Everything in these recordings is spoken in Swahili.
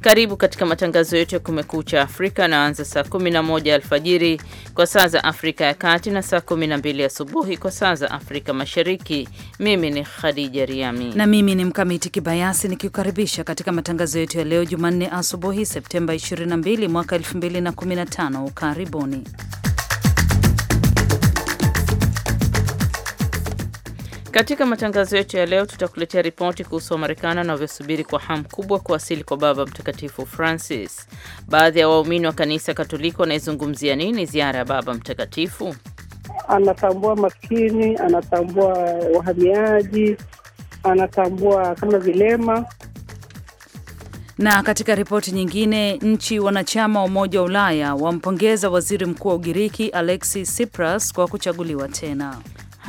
Karibu katika matangazo yetu ya kumekucha Afrika anaanza saa 11 alfajiri kwa saa za Afrika ya Kati na saa 12 asubuhi kwa saa za Afrika Mashariki. Mimi ni Khadija Riami na mimi ni Mkamiti Kibayasi nikiukaribisha katika matangazo yetu ya leo Jumanne asubuhi Septemba 22 mwaka 2015. Karibuni. Katika matangazo yetu ya leo tutakuletea ripoti kuhusu Wamarekani wanavyosubiri kwa hamu kubwa kuwasili kwa Baba Mtakatifu Francis. Baadhi ya waumini wa kanisa Katoliki wanaizungumzia nini ziara ya Baba Mtakatifu? Anatambua maskini, anatambua wahamiaji, anatambua kama vilema na katika ripoti nyingine, nchi wanachama wa Umoja wa Ulaya wampongeza waziri mkuu wa Ugiriki Alexis Tsipras kwa kuchaguliwa tena.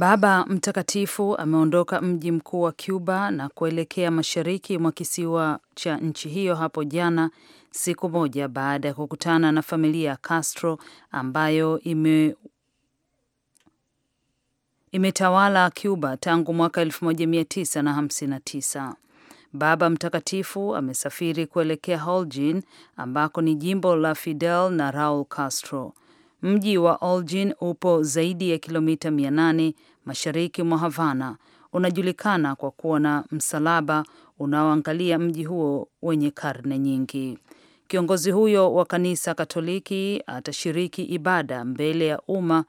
Baba Mtakatifu ameondoka mji mkuu wa Cuba na kuelekea mashariki mwa kisiwa cha nchi hiyo hapo jana, siku moja baada ya kukutana na familia ya Castro ambayo ime imetawala Cuba tangu mwaka 1959. Baba Mtakatifu amesafiri kuelekea Holguin ambako ni jimbo la Fidel na Raul Castro. Mji wa Elgin upo zaidi ya kilomita 800 mashariki mwa Havana. Unajulikana kwa kuwa na msalaba unaoangalia mji huo wenye karne nyingi. Kiongozi huyo wa kanisa Katoliki atashiriki ibada mbele ya umma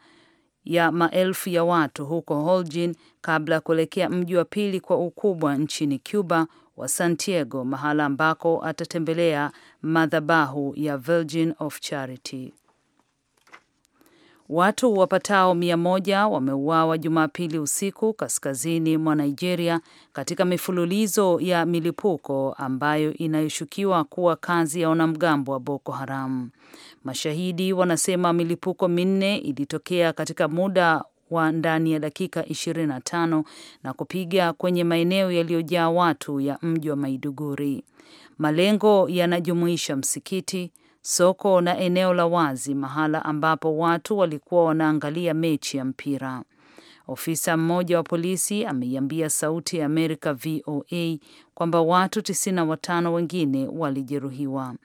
ya maelfu ya watu huko holjin kabla ya kuelekea mji wa pili kwa ukubwa nchini Cuba wa Santiago, mahala ambako atatembelea madhabahu ya Virgin of Charity. Watu wapatao mia moja wameuawa Jumapili usiku kaskazini mwa Nigeria katika mifululizo ya milipuko ambayo inayoshukiwa kuwa kazi ya wanamgambo wa Boko Haram. Mashahidi wanasema milipuko minne ilitokea katika muda wa ndani ya dakika 25 na kupiga kwenye maeneo yaliyojaa watu ya mji wa Maiduguri. Malengo yanajumuisha msikiti, soko na eneo la wazi, mahala ambapo watu walikuwa wanaangalia mechi ya mpira. Ofisa mmoja wa polisi ameiambia Sauti ya Amerika VOA kwamba watu 95 wengine walijeruhiwa.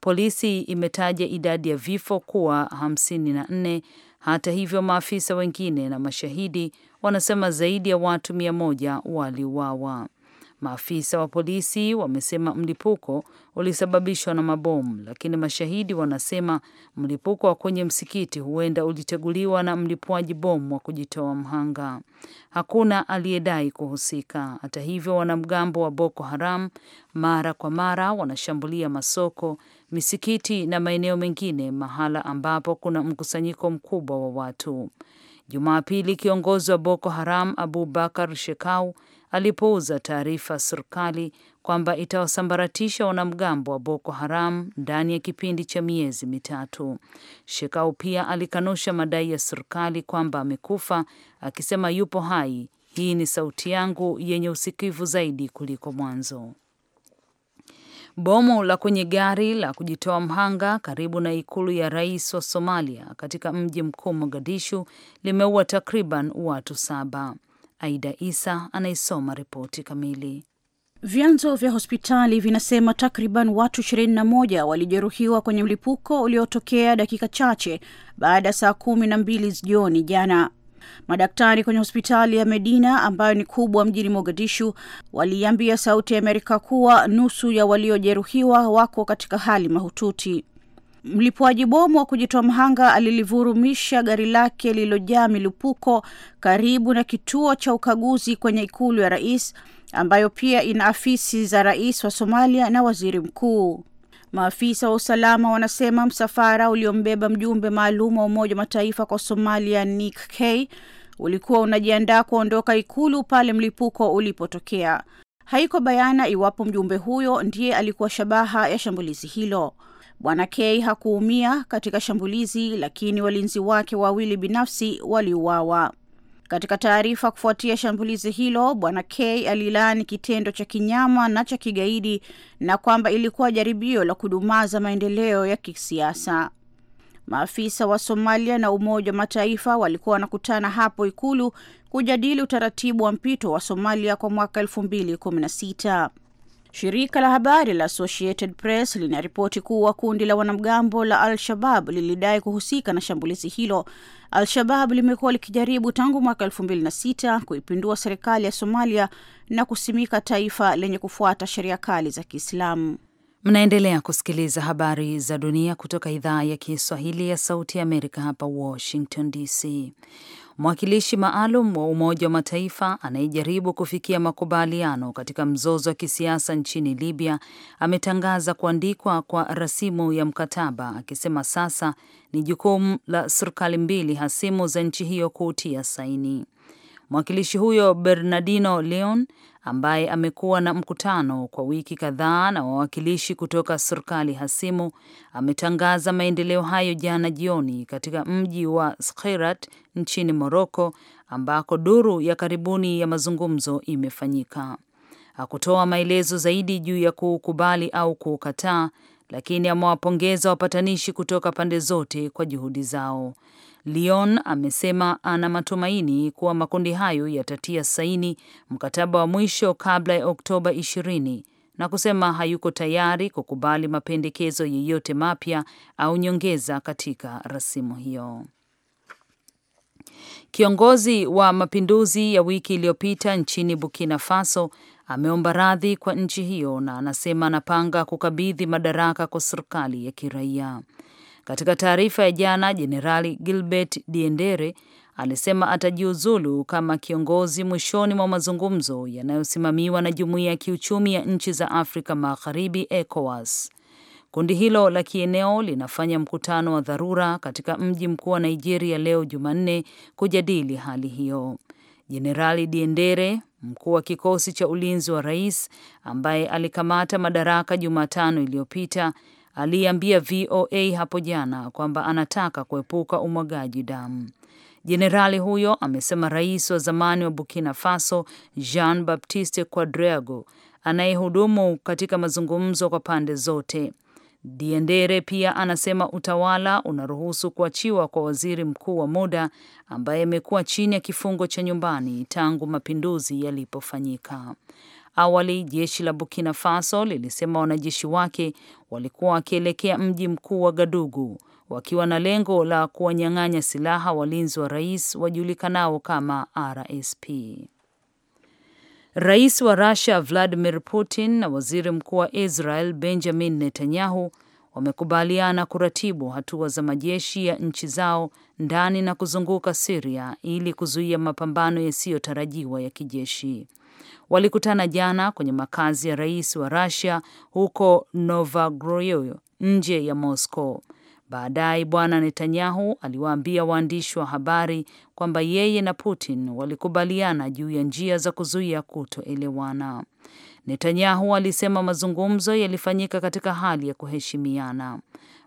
Polisi imetaja idadi ya vifo kuwa 54. Hata hivyo, maafisa wengine na mashahidi wanasema zaidi ya watu 100 waliuawa. Maafisa wa polisi wamesema mlipuko ulisababishwa na mabomu, lakini mashahidi wanasema mlipuko wa kwenye msikiti huenda uliteguliwa na mlipuaji bomu wa kujitoa mhanga. Hakuna aliyedai kuhusika. Hata hivyo, wanamgambo wa Boko Haram mara kwa mara wanashambulia masoko, misikiti na maeneo mengine, mahala ambapo kuna mkusanyiko mkubwa wa watu. Jumapili, kiongozi wa Boko Haram Abu Bakar Shekau alipouza taarifa serikali kwamba itawasambaratisha wanamgambo wa Boko Haram ndani ya kipindi cha miezi mitatu. Shekau pia alikanusha madai ya serikali kwamba amekufa, akisema yupo hai. Hii ni sauti yangu yenye usikivu zaidi kuliko mwanzo. Bomu la kwenye gari la kujitoa mhanga karibu na ikulu ya rais wa Somalia katika mji mkuu Mogadishu limeua takriban watu saba. Aida Isa anaisoma ripoti kamili. Vyanzo vya hospitali vinasema takriban watu 21 walijeruhiwa kwenye mlipuko uliotokea dakika chache baada ya saa kumi na mbili jioni jana. Madaktari kwenye hospitali ya Medina ambayo ni kubwa mjini Mogadishu waliiambia Sauti ya Amerika kuwa nusu ya waliojeruhiwa wako katika hali mahututi. Mlipuaji bomu wa kujitoa mhanga alilivurumisha gari lake lililojaa milipuko karibu na kituo cha ukaguzi kwenye ikulu ya rais ambayo pia ina afisi za rais wa Somalia na waziri mkuu. Maafisa wa usalama wanasema msafara uliombeba mjumbe maalum wa Umoja wa Mataifa kwa Somalia Nick K ulikuwa unajiandaa kuondoka ikulu pale mlipuko ulipotokea. Haiko bayana iwapo mjumbe huyo ndiye alikuwa shabaha ya shambulizi hilo. Bwana K hakuumia katika shambulizi, lakini walinzi wake wawili binafsi waliuawa. Katika taarifa kufuatia shambulizi hilo, Bwana K alilaani kitendo cha kinyama na cha kigaidi na kwamba ilikuwa jaribio la kudumaza maendeleo ya kisiasa. Maafisa wa Somalia na Umoja wa Mataifa walikuwa wanakutana hapo Ikulu kujadili utaratibu wa mpito wa Somalia kwa mwaka elfu mbili kumi na sita. Shirika la habari la Associated Press linaripoti kuwa kundi la wanamgambo la Al-Shabab lilidai kuhusika na shambulizi hilo. Al-Shabab limekuwa likijaribu tangu mwaka elfu mbili na sita kuipindua serikali ya Somalia na kusimika taifa lenye kufuata sheria kali za Kiislamu. Mnaendelea kusikiliza habari za dunia kutoka idhaa ya Kiswahili ya Sauti ya Amerika hapa Washington DC mwakilishi maalum wa Umoja wa Mataifa anayejaribu kufikia makubaliano katika mzozo wa kisiasa nchini Libya ametangaza kuandikwa kwa rasimu ya mkataba, akisema sasa ni jukumu la serikali mbili hasimu za nchi hiyo kuutia saini. Mwakilishi huyo Bernardino Leon ambaye amekuwa na mkutano kwa wiki kadhaa na wawakilishi kutoka serikali hasimu ametangaza maendeleo hayo jana jioni katika mji wa Skhirat nchini Moroko, ambako duru ya karibuni ya mazungumzo imefanyika. Hakutoa maelezo zaidi juu ya kuukubali au kuukataa, lakini amewapongeza wapatanishi kutoka pande zote kwa juhudi zao. Leon amesema ana matumaini kuwa makundi hayo yatatia saini mkataba wa mwisho kabla ya Oktoba 20 na kusema hayuko tayari kukubali mapendekezo yeyote mapya au nyongeza katika rasimu hiyo. Kiongozi wa mapinduzi ya wiki iliyopita nchini Burkina Faso ameomba radhi kwa nchi hiyo na anasema anapanga kukabidhi madaraka kwa serikali ya kiraia. Katika taarifa ya jana, Jenerali Gilbert Diendere alisema atajiuzulu kama kiongozi mwishoni mwa mazungumzo yanayosimamiwa na Jumuiya ya Kiuchumi ya Nchi za Afrika Magharibi, ECOWAS. Kundi hilo la kieneo linafanya mkutano wa dharura katika mji mkuu wa Nigeria leo Jumanne kujadili hali hiyo. Jenerali Diendere, mkuu wa kikosi cha ulinzi wa rais, ambaye alikamata madaraka Jumatano iliyopita, aliyeambia VOA hapo jana kwamba anataka kuepuka umwagaji damu. Jenerali huyo amesema rais wa zamani wa Burkina Faso Jean Baptiste Quadreago anayehudumu katika mazungumzo kwa pande zote. Diendere pia anasema utawala unaruhusu kuachiwa kwa waziri mkuu wa muda ambaye amekuwa chini ya kifungo cha nyumbani tangu mapinduzi yalipofanyika. Awali jeshi la Burkina Faso lilisema wanajeshi wake walikuwa wakielekea mji mkuu wa Gadugu wakiwa na lengo la kuwanyang'anya silaha walinzi wa rais wajulikanao kama RSP. Rais wa Russia Vladimir Putin na waziri mkuu wa Israel Benjamin Netanyahu wamekubaliana kuratibu hatua za majeshi ya nchi zao ndani na kuzunguka Siria ili kuzuia mapambano yasiyotarajiwa ya kijeshi walikutana jana kwenye makazi ya rais wa rasia huko novagroyo nje ya Moscow. Baadaye bwana Netanyahu aliwaambia waandishi wa habari kwamba yeye na Putin walikubaliana juu ya njia za kuzuia kutoelewana. Netanyahu alisema mazungumzo yalifanyika katika hali ya kuheshimiana.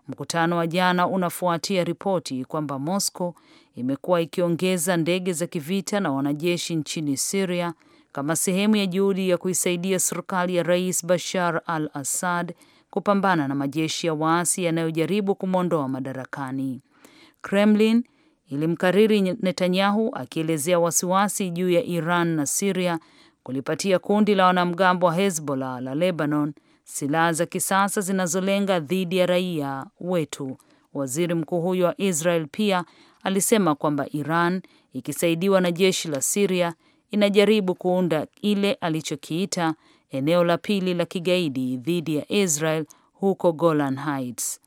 Mkutano wa jana unafuatia ripoti kwamba Moscow imekuwa ikiongeza ndege za kivita na wanajeshi nchini siria kama sehemu ya juhudi ya kuisaidia serikali ya Rais Bashar al Assad kupambana na majeshi ya waasi yanayojaribu kumwondoa madarakani. Kremlin ilimkariri Netanyahu akielezea wasiwasi juu ya Iran na Siria kulipatia kundi la wanamgambo wa Hezbollah la Lebanon silaha za kisasa zinazolenga dhidi ya raia wetu. Waziri mkuu huyo wa Israel pia alisema kwamba Iran ikisaidiwa na jeshi la Siria inajaribu kuunda ile alichokiita eneo la pili la kigaidi dhidi ya Israel huko Golan Heights.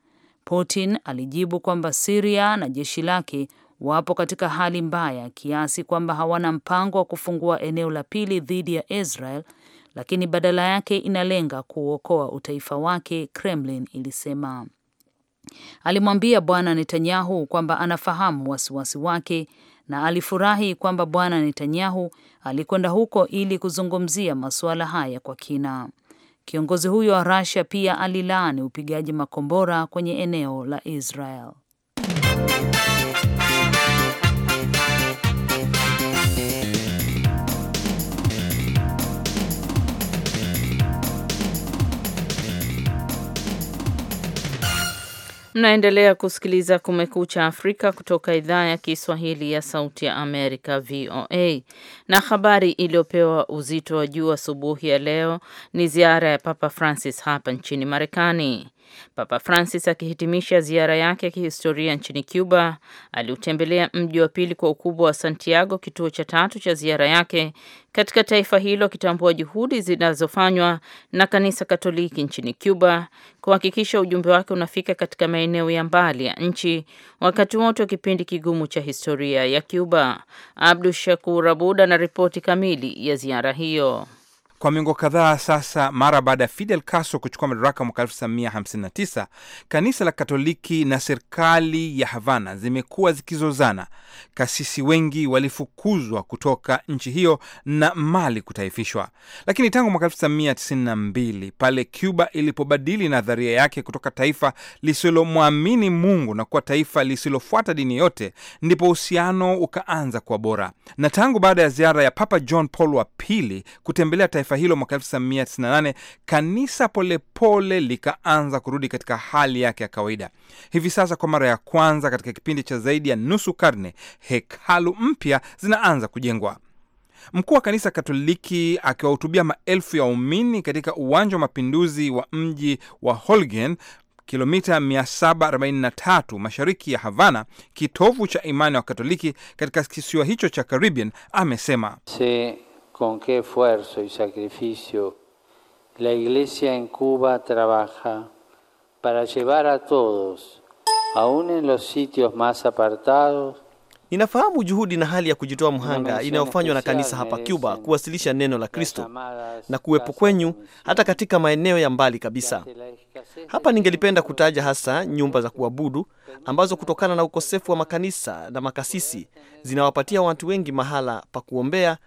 Putin alijibu kwamba siria na jeshi lake wapo katika hali mbaya kiasi kwamba hawana mpango wa kufungua eneo la pili dhidi ya Israel, lakini badala yake inalenga kuuokoa utaifa wake, Kremlin ilisema. Alimwambia Bwana Netanyahu kwamba anafahamu wasiwasi wake na alifurahi kwamba Bwana Netanyahu alikwenda huko ili kuzungumzia masuala haya kwa kina. Kiongozi huyo wa Russia pia alilaani upigaji makombora kwenye eneo la Israel. Mnaendelea kusikiliza Kumekucha Afrika kutoka idhaa ya Kiswahili ya Sauti ya Amerika, VOA. Na habari iliyopewa uzito wa juu asubuhi ya leo ni ziara ya Papa Francis hapa nchini Marekani. Papa Francis akihitimisha ziara yake ya kihistoria nchini Cuba, aliutembelea mji wa pili kwa ukubwa wa Santiago, kituo cha tatu cha ziara yake katika taifa hilo, akitambua juhudi zinazofanywa na kanisa Katoliki nchini Cuba kuhakikisha ujumbe wake unafika katika maeneo ya mbali ya nchi wakati wote wa kipindi kigumu cha historia ya Cuba. Abdu Shakur Abud ana ripoti kamili ya ziara hiyo kwa miongo kadhaa sasa. Mara baada ya Fidel Castro kuchukua madaraka mwaka 1959 kanisa la Katoliki na serikali ya Havana zimekuwa zikizozana kasisi wengi walifukuzwa kutoka nchi hiyo na Mali kutaifishwa. Lakini tangu mwaka 1992 pale Cuba ilipobadili nadharia yake kutoka taifa lisilomwamini Mungu na kuwa taifa lisilofuata dini yote, ndipo uhusiano ukaanza kuwa bora. Na tangu baada ya ziara ya Papa John Paul wa pili kutembelea taifa hilo mwaka 1998, kanisa polepole likaanza kurudi katika hali yake ya kawaida. Hivi sasa kwa mara ya kwanza katika kipindi cha zaidi ya nusu karne hekalu mpya zinaanza kujengwa. Mkuu wa kanisa Katoliki akiwahutubia maelfu ya waumini katika uwanja wa mapinduzi wa mji wa Holguin, kilomita 743 mashariki ya Havana, kitovu cha imani ya Katoliki katika kisiwa hicho cha Caribbean, amesema Se, con que esfuerzo y sacrificio la iglesia en Cuba trabaja para llevar a todos aun en los sitios mas apartados Ninafahamu juhudi na hali ya kujitoa mhanga inayofanywa na kanisa hapa Cuba kuwasilisha neno la Kristo na kuwepo kwenyu hata katika maeneo ya mbali kabisa. Hapa ningelipenda kutaja hasa nyumba za kuabudu ambazo kutokana na ukosefu wa makanisa na makasisi zinawapatia watu wengi mahala pa kuombea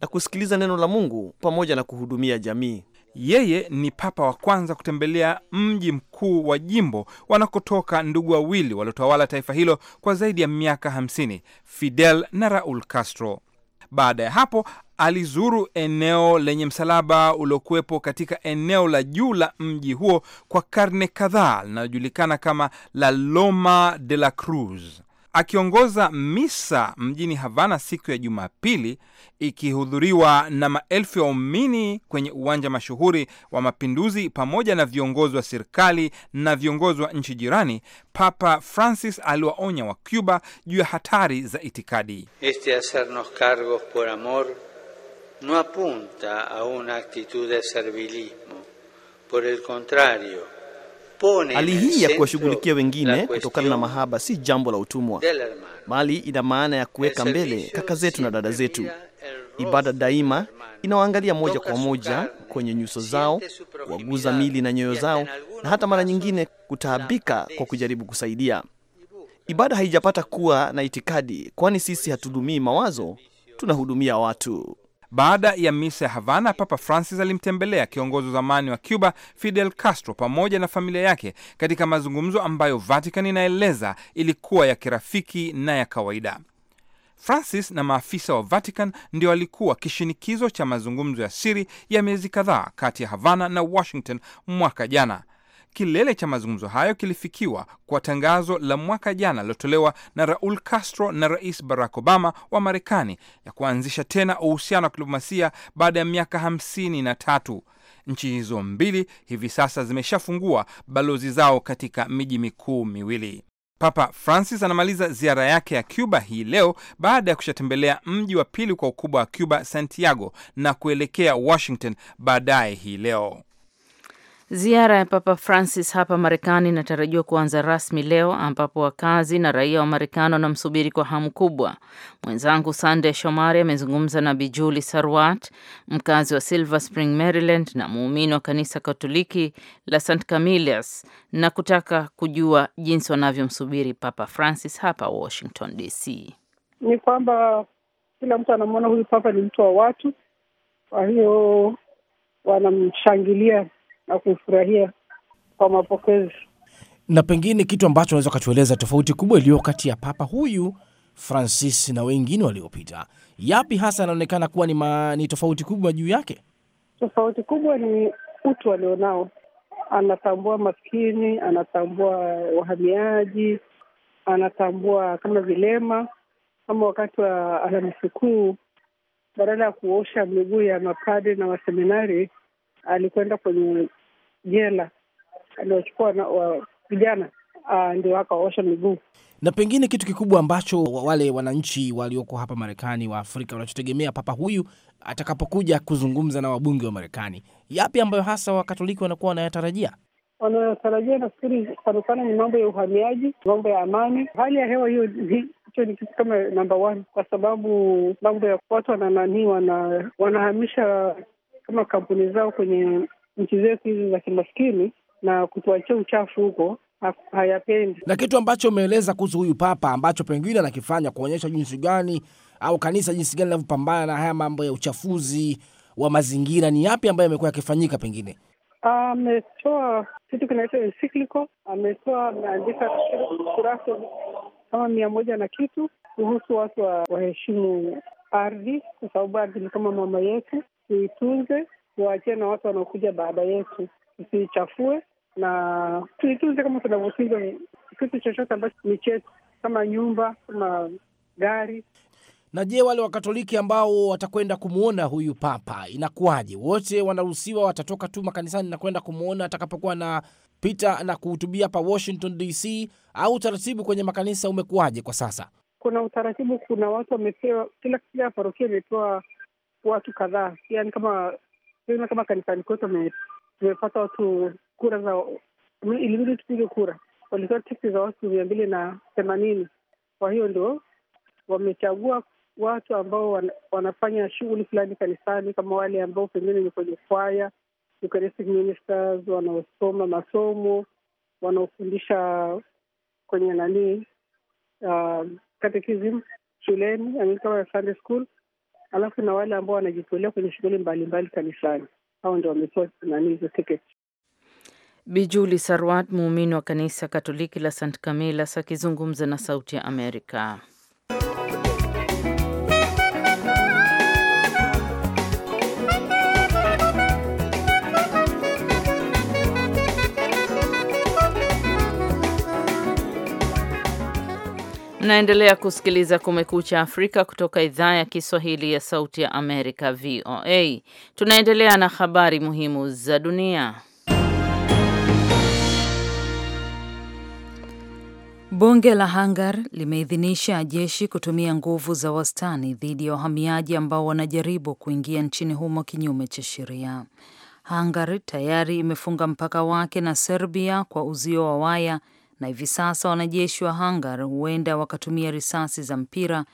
na kusikiliza neno la Mungu pamoja na kuhudumia jamii. Yeye ni papa wa kwanza kutembelea mji mkuu wa jimbo wanakotoka ndugu wawili waliotawala taifa hilo kwa zaidi ya miaka 50, Fidel na Raul Castro. Baada ya hapo alizuru eneo lenye msalaba uliokuwepo katika eneo la juu la mji huo kwa karne kadhaa linalojulikana kama la Loma de la Cruz. Akiongoza misa mjini Havana siku ya Jumapili ikihudhuriwa na maelfu ya waumini kwenye uwanja mashuhuri wa Mapinduzi pamoja na viongozi wa serikali na viongozi wa nchi jirani, Papa Francis aliwaonya wa Cuba juu ya hatari za itikadi. Este hacernos cargos por amor no apunta a una actitud de servilismo por el contrario Hali hii ya kuwashughulikia wengine kutokana na mahaba si jambo la utumwa, bali ina maana ya kuweka mbele kaka zetu na dada zetu. Ibada daima inawaangalia moja kwa moja kwenye nyuso zao, kuwaguza mili na nyoyo zao, na hata mara nyingine kutaabika kwa kujaribu kusaidia. Ibada haijapata kuwa na itikadi, kwani sisi hatudumii mawazo, tunahudumia watu. Baada ya misa ya Havana, Papa Francis alimtembelea kiongozi wa zamani wa Cuba Fidel Castro pamoja na familia yake katika mazungumzo ambayo Vatican inaeleza ilikuwa ya kirafiki na ya kawaida. Francis na maafisa wa Vatican ndio walikuwa kishinikizo cha mazungumzo ya siri ya miezi kadhaa kati ya Havana na Washington mwaka jana. Kilele cha mazungumzo hayo kilifikiwa kwa tangazo la mwaka jana lilotolewa na Raul Castro na Rais Barack Obama wa Marekani ya kuanzisha tena uhusiano wa kidiplomasia baada ya miaka hamsini na tatu. Nchi hizo mbili hivi sasa zimeshafungua balozi zao katika miji mikuu miwili. Papa Francis anamaliza ziara yake ya Cuba hii leo baada ya kushatembelea mji wa pili kwa ukubwa wa Cuba, Santiago, na kuelekea Washington baadaye hii leo. Ziara ya Papa Francis hapa Marekani inatarajiwa kuanza rasmi leo ambapo wakazi na raia wa Marekani wanamsubiri kwa hamu kubwa. Mwenzangu Sande Shomari amezungumza na Bijuli Sarwat, mkazi wa Silver Spring, Maryland na muumini wa kanisa Katoliki la St. Camillus na kutaka kujua jinsi wanavyomsubiri Papa Francis hapa Washington DC. Ni kwamba kila mtu anamwona huyu Papa ni mtu wa watu, kwa hiyo wanamshangilia na kufurahia kwa mapokezi. Na pengine kitu ambacho unaweza ukatueleza tofauti kubwa iliyo kati ya papa huyu Francis na wengine waliopita, yapi hasa yanaonekana kuwa ni, ma, ni tofauti kubwa juu yake? Tofauti kubwa ni utu alionao. Anatambua maskini, anatambua wahamiaji, anatambua kama vilema, kama wakati wa Alhamisi Kuu, badala ya kuosha miguu ya mapadri na waseminari, alikwenda kwenye jela aliochukua wa vijana ah, ndio akaosha miguu. Na pengine kitu kikubwa ambacho wale wananchi walioko hapa Marekani wa Afrika wanachotegemea papa huyu atakapokuja kuzungumza na wabunge wa Marekani, yapi ambayo hasa Wakatoliki wanakuwa wanayatarajia? Wanayotarajia nafikiri sana sana ni mambo ya uhamiaji, mambo ya amani, hali ya hewa. Hiyo hicho ni kitu kama namba one, kwa sababu mambo ya watu wanananii wanahamisha kama kampuni zao kwenye nchi zetu hizi za kimaskini na kutuachia uchafu huko hayapendi. Na kitu ambacho umeeleza kuhusu huyu papa ambacho pengine anakifanya kuonyesha jinsi gani au kanisa jinsi gani linavyopambana na haya mambo ya uchafuzi wa mazingira, ni yapi ambayo yamekuwa yakifanyika? Pengine ametoa kitu kinaitwa encyclical, ametoa ameandika kurasa kama mia moja na kitu kuhusu watu waheshimu ardhi, kwa sababu ardhi ni kama mama yetu, tuitunze tuwaachie na watu wanaokuja baada yetu, tusichafue na tuitunze kama tunavyotunza kitu chochote ambacho ni chetu, kama nyumba, kama gari. Na je, wale Wakatoliki ambao watakwenda kumwona huyu Papa inakuwaje? Wote wanaruhusiwa, watatoka tu makanisani na kwenda kumwona atakapokuwa na pita na kuhutubia hapa Washington DC, au utaratibu kwenye makanisa umekuwaje kwa sasa? Kuna utaratibu, kuna watu wamepewa, kila kila parokia imepewa watu kadhaa, yani kama Niona kama kanisani kwetu tumepata watu kura za, ilibidi tupige kura, walitoa tiketi za watu mia mbili na themanini. Kwa hiyo ndio wamechagua watu ambao wan, wanafanya shughuli fulani kanisani, kama wale ambao pengine ni kwenye kwaya, Eucharistic ministers, wanaosoma masomo, wanaofundisha kwenye nanii uh, um, catechism shuleni, I mean, kama Sunday school alafu na wale ambao wanajitolea kwenye shughuli mbalimbali kanisani, hao ndio wamepewa nani hizo tiketi. Bijuli Sarwat, muumini wa kanisa Katoliki la St Camillas, akizungumza na Sauti ya Amerika. Mnaendelea kusikiliza Kumekucha Afrika kutoka idhaa ya Kiswahili ya Sauti ya Amerika, VOA. Tunaendelea na habari muhimu za dunia. Bunge la Hungary limeidhinisha jeshi kutumia nguvu za wastani dhidi ya wahamiaji ambao wanajaribu kuingia nchini humo kinyume cha sheria. Hungary tayari imefunga mpaka wake na Serbia kwa uzio wa waya na hivi sasa wanajeshi wa Hungar huenda wakatumia risasi za mpira,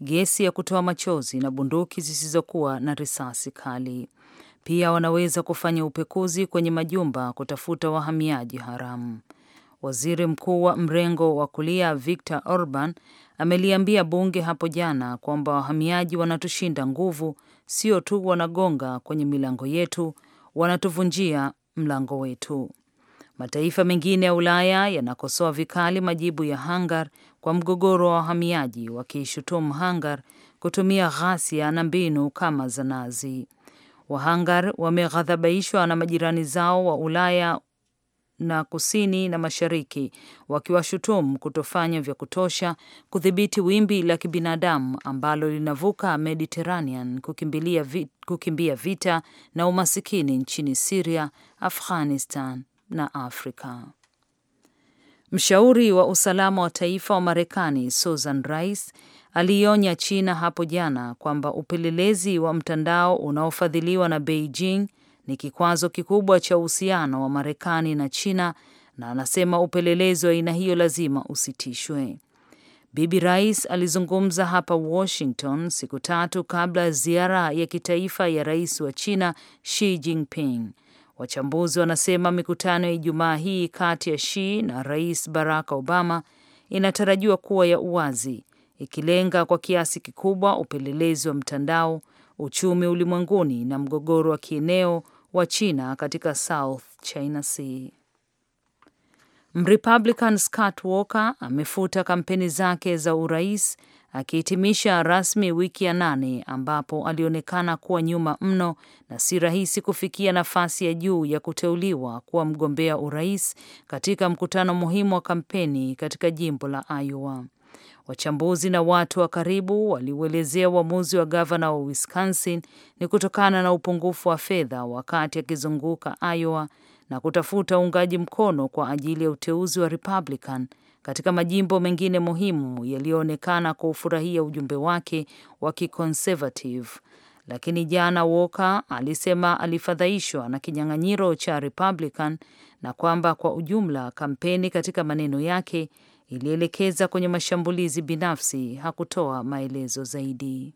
gesi ya kutoa machozi na bunduki zisizokuwa na risasi kali. Pia wanaweza kufanya upekuzi kwenye majumba kutafuta wahamiaji haramu. Waziri mkuu wa mrengo wa kulia Viktor Orban ameliambia bunge hapo jana kwamba wahamiaji wanatushinda nguvu, sio tu wanagonga kwenye milango yetu, wanatuvunjia mlango wetu. Mataifa mengine ya Ulaya yanakosoa vikali majibu ya Hungar kwa mgogoro wa wahamiaji, wakiishutumu Hungar kutumia ghasia na mbinu kama za Nazi. Wahangar wameghadhabishwa na majirani zao wa Ulaya na kusini na mashariki wakiwashutumu kutofanya vya kutosha kudhibiti wimbi la kibinadamu ambalo linavuka Mediterranean kukimbia vita na umasikini nchini Siria, Afghanistan na Afrika. Mshauri wa usalama wa taifa wa Marekani Susan Rice aliionya China hapo jana kwamba upelelezi wa mtandao unaofadhiliwa na Beijing ni kikwazo kikubwa cha uhusiano wa Marekani na China, na anasema upelelezi wa aina hiyo lazima usitishwe. Bibi Rais alizungumza hapa Washington siku tatu kabla ya ziara ya kitaifa ya rais wa China Xi Jinping. Wachambuzi wanasema mikutano ya Ijumaa hii kati ya Xi na Rais Barack Obama inatarajiwa kuwa ya uwazi, ikilenga kwa kiasi kikubwa upelelezi wa mtandao, uchumi ulimwenguni na mgogoro wa kieneo wa China katika South China Sea. Mrepublican Scott Walker amefuta kampeni zake za urais akihitimisha rasmi wiki ya nane ambapo alionekana kuwa nyuma mno na si rahisi kufikia nafasi ya juu ya kuteuliwa kuwa mgombea urais katika mkutano muhimu wa kampeni katika jimbo la Iowa. Wachambuzi na watu wa karibu waliuelezea uamuzi wa gavana wa Wisconsin ni kutokana na upungufu wa fedha wakati akizunguka Iowa na kutafuta uungaji mkono kwa ajili ya uteuzi wa Republican katika majimbo mengine muhimu yaliyoonekana kuufurahia ujumbe wake wa kiconservative. Lakini jana Walker alisema alifadhaishwa na kinyang'anyiro cha Republican na kwamba kwa ujumla kampeni, katika maneno yake, ilielekeza kwenye mashambulizi binafsi. Hakutoa maelezo zaidi.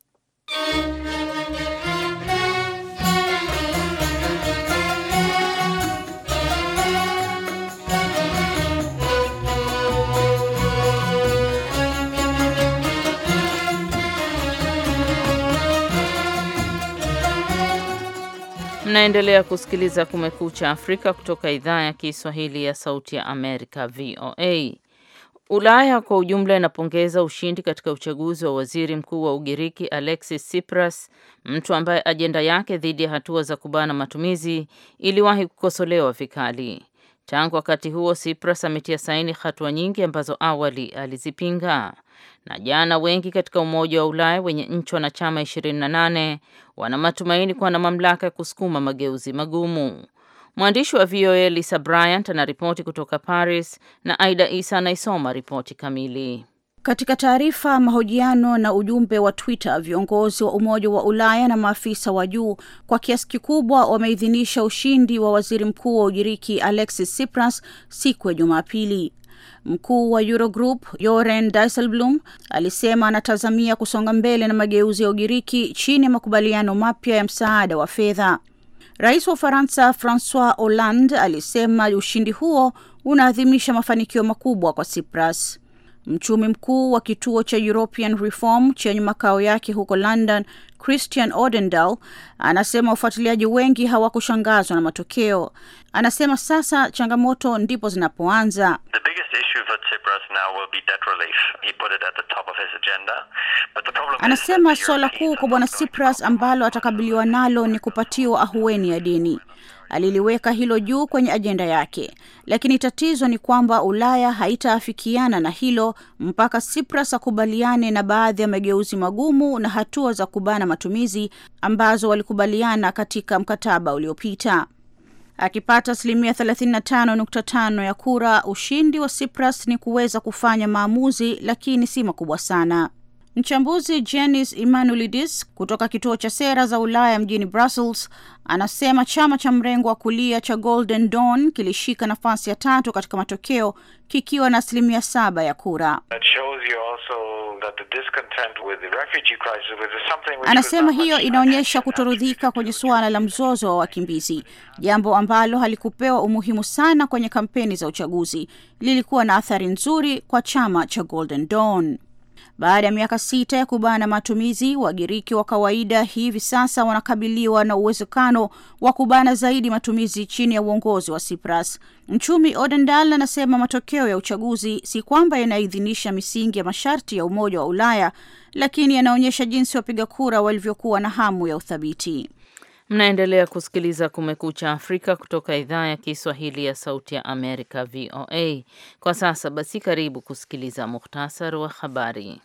Mnaendelea kusikiliza Kumekucha Afrika kutoka idhaa ya Kiswahili ya Sauti ya Amerika, VOA. Ulaya kwa ujumla inapongeza ushindi katika uchaguzi wa waziri mkuu wa Ugiriki Alexis Tsipras, mtu ambaye ajenda yake dhidi ya hatua za kubana matumizi iliwahi kukosolewa vikali. Tangu wakati huo, Tsipras ametia saini hatua nyingi ambazo awali alizipinga na jana, wengi katika Umoja wa Ulaya wenye nchi wanachama 28 wana matumaini kuwa na mamlaka ya kusukuma mageuzi magumu. Mwandishi wa VOA Lisa Bryant anaripoti kutoka Paris na Aida Isa anaisoma ripoti kamili. Katika taarifa, mahojiano na ujumbe wa Twitter, viongozi wa Umoja wa Ulaya na maafisa wa juu kwa kiasi kikubwa wameidhinisha ushindi wa waziri mkuu wa Ugiriki Alexis Tsipras siku ya Jumapili. Mkuu wa Eurogroup Joren Dijsselbloem alisema anatazamia kusonga mbele na mageuzi ya Ugiriki chini ya makubaliano mapya ya msaada wa fedha. Rais wa Ufaransa Francois Hollande alisema ushindi huo unaadhimisha mafanikio makubwa kwa Cyprus. Mchumi mkuu wa kituo cha European Reform chenye makao yake huko London, Christian Odendal, anasema wafuatiliaji wengi hawakushangazwa na matokeo. Anasema sasa changamoto ndipo zinapoanza. Anasema suala kuu kwa Bwana Tsipras ambalo atakabiliwa nalo ni kupatiwa ahueni ya deni. Aliliweka hilo juu kwenye ajenda yake, lakini tatizo ni kwamba Ulaya haitaafikiana na hilo mpaka Tsipras akubaliane na baadhi ya mageuzi magumu na hatua za kubana matumizi ambazo walikubaliana katika mkataba uliopita akipata asilimia 35.5 ya kura. Ushindi wa Tsipras ni kuweza kufanya maamuzi, lakini si makubwa sana. Mchambuzi Janis Emanuelidis kutoka kituo cha sera za Ulaya mjini Brussels anasema chama cha mrengo wa kulia cha Golden Dawn kilishika nafasi ya tatu katika matokeo kikiwa na asilimia saba ya kura. That shows you also Anasema hiyo inaonyesha kutorudhika kwenye suala la mzozo wa wakimbizi, jambo ambalo halikupewa umuhimu sana kwenye kampeni za uchaguzi. Lilikuwa na athari nzuri kwa chama cha Golden Dawn. Baada ya miaka sita ya kubana matumizi, Wagiriki wa kawaida hivi sasa wanakabiliwa na uwezekano wa kubana zaidi matumizi chini ya uongozi wa Tsipras. Mchumi Odendal anasema matokeo ya uchaguzi si kwamba yanaidhinisha misingi ya masharti ya Umoja wa Ulaya, lakini yanaonyesha jinsi wapiga kura walivyokuwa na hamu ya uthabiti. Mnaendelea kusikiliza Kumekucha Afrika kutoka idhaa ya Kiswahili ya Sauti ya Amerika, VOA. Kwa sasa basi, karibu kusikiliza muhtasari wa habari.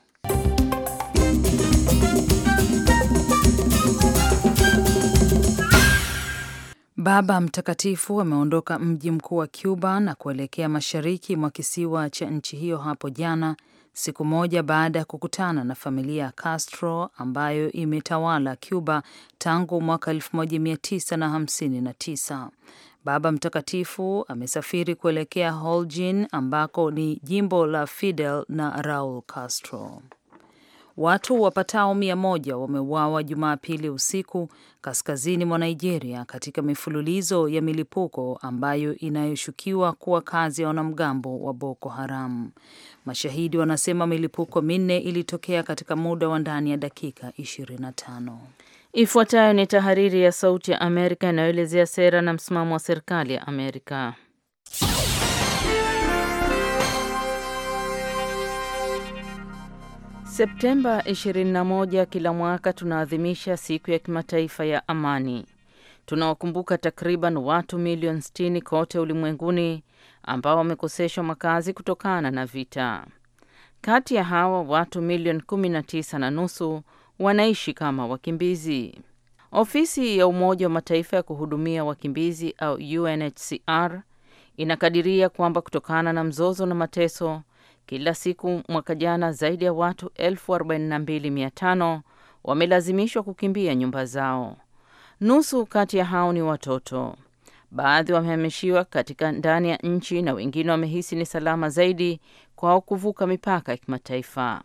Baba Mtakatifu ameondoka mji mkuu wa Cuba na kuelekea mashariki mwa kisiwa cha nchi hiyo hapo jana siku moja baada ya kukutana na familia ya Castro ambayo imetawala Cuba tangu mwaka 1959. Baba Mtakatifu amesafiri kuelekea Holguin ambako ni jimbo la Fidel na Raul Castro. Watu wapatao mia moja wameuawa Jumapili usiku kaskazini mwa Nigeria katika mifululizo ya milipuko ambayo inayoshukiwa kuwa kazi ya wanamgambo wa Boko Haram. Mashahidi wanasema milipuko minne ilitokea katika muda wa ndani ya dakika 25. Ifuatayo ni tahariri ya Sauti ya Amerika inayoelezea sera na msimamo wa serikali ya Amerika. Septemba 21 kila mwaka tunaadhimisha siku ya kimataifa ya amani. Tunawakumbuka takriban watu milioni 60 kote ulimwenguni ambao wamekoseshwa makazi kutokana na vita. Kati ya hawa watu milioni 19 na nusu wanaishi kama wakimbizi. Ofisi ya Umoja wa Mataifa ya kuhudumia wakimbizi au UNHCR inakadiria kwamba kutokana na mzozo na mateso kila siku mwaka jana zaidi ya watu 42500 wamelazimishwa kukimbia nyumba zao. Nusu kati ya hao ni watoto. Baadhi wamehamishiwa katika ndani ya nchi na wengine wamehisi ni salama zaidi kwao kuvuka mipaka ya kimataifa.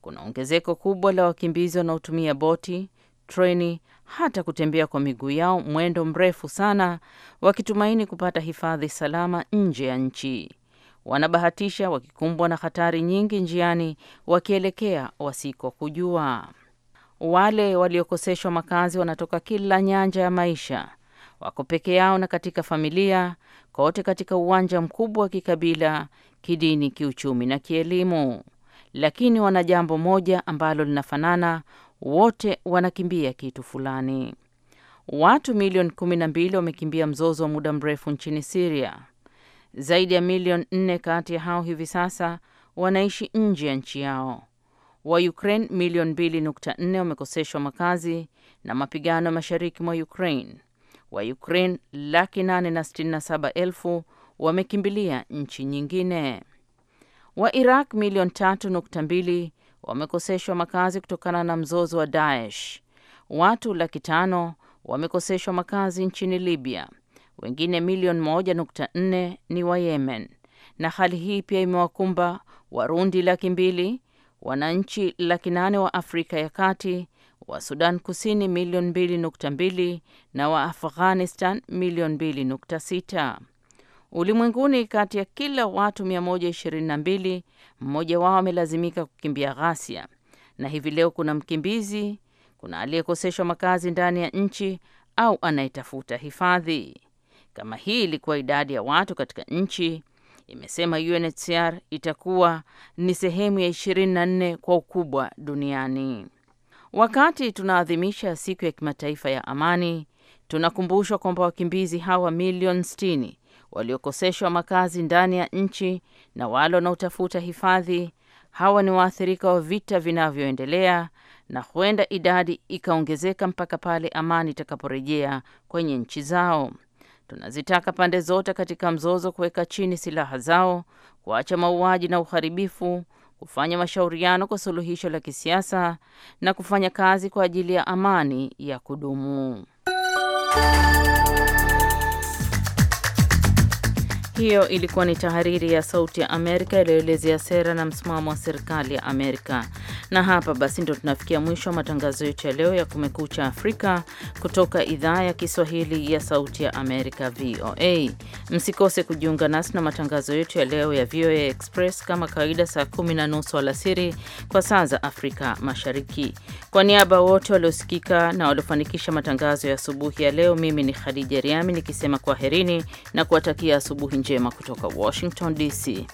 Kuna ongezeko kubwa la wakimbizi wanaotumia boti, treni, hata kutembea kwa miguu yao mwendo mrefu sana, wakitumaini kupata hifadhi salama nje ya nchi wanabahatisha wakikumbwa na hatari nyingi njiani wakielekea wasiko kujua. Wale waliokoseshwa makazi wanatoka kila nyanja ya maisha, wako peke yao na katika familia, kote katika uwanja mkubwa wa kikabila, kidini, kiuchumi na kielimu. Lakini wana jambo moja ambalo linafanana, wote wanakimbia kitu fulani. Watu milioni kumi na mbili wamekimbia mzozo wa muda mrefu nchini Siria zaidi ya milioni nne kati ya hao hivi sasa wanaishi nje ya nchi yao. Wa Ukraine milioni nne wamekoseshwa makazi na mapigano ya mashariki mwa Ukraine. Wa Ukraine laki nane na sitini na saba elfu wamekimbilia nchi nyingine. Wa Iraq milioni mbili wamekoseshwa makazi kutokana na mzozo wa Daesh. Watu laki tano wamekoseshwa makazi nchini Libya wengine milioni moja nukta nne ni wa Yemen, na hali hii pia imewakumba Warundi laki mbili, wananchi laki nane wa Afrika ya Kati, wa Sudan Kusini milioni mbili nukta mbili na wa Afghanistan milioni mbili nukta sita. Ulimwenguni, kati ya kila watu 122 mmoja wao amelazimika kukimbia ghasia, na hivi leo kuna mkimbizi, kuna aliyekoseshwa makazi ndani ya nchi au anayetafuta hifadhi. Kama hii ilikuwa idadi ya watu katika nchi, imesema UNHCR itakuwa ni sehemu ya 24 kwa ukubwa duniani. Wakati tunaadhimisha siku ya kimataifa ya amani, tunakumbushwa kwamba wakimbizi hawa milioni 60 waliokoseshwa makazi ndani ya nchi na wale wanaotafuta hifadhi, hawa ni waathirika wa vita vinavyoendelea na huenda idadi ikaongezeka mpaka pale amani itakaporejea kwenye nchi zao. Tunazitaka pande zote katika mzozo kuweka chini silaha zao, kuacha mauaji na uharibifu, kufanya mashauriano kwa suluhisho la kisiasa na kufanya kazi kwa ajili ya amani ya kudumu. Hiyo ilikuwa ni tahariri ya Sauti ya Amerika iliyoelezea sera na msimamo wa serikali ya Amerika. Na hapa basi ndo tunafikia mwisho wa matangazo yetu ya leo ya Kumekucha Afrika kutoka idhaa ya Kiswahili ya Sauti ya Amerika, VOA. Msikose kujiunga nasi na matangazo yetu ya leo ya VOA Express kama kawaida, saa kumi na nusu alasiri kwa saa za Afrika Mashariki. Kwa niaba wote waliosikika na waliofanikisha matangazo ya asubuhi ya leo, mimi ni Khadija Riami nikisema kwaherini na kuwatakia asubuhi njema kutoka Washington DC.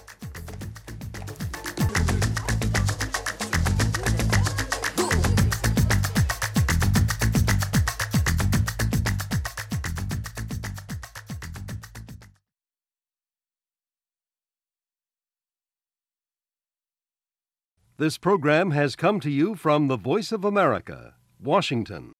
This program has come to you from the Voice of America, Washington.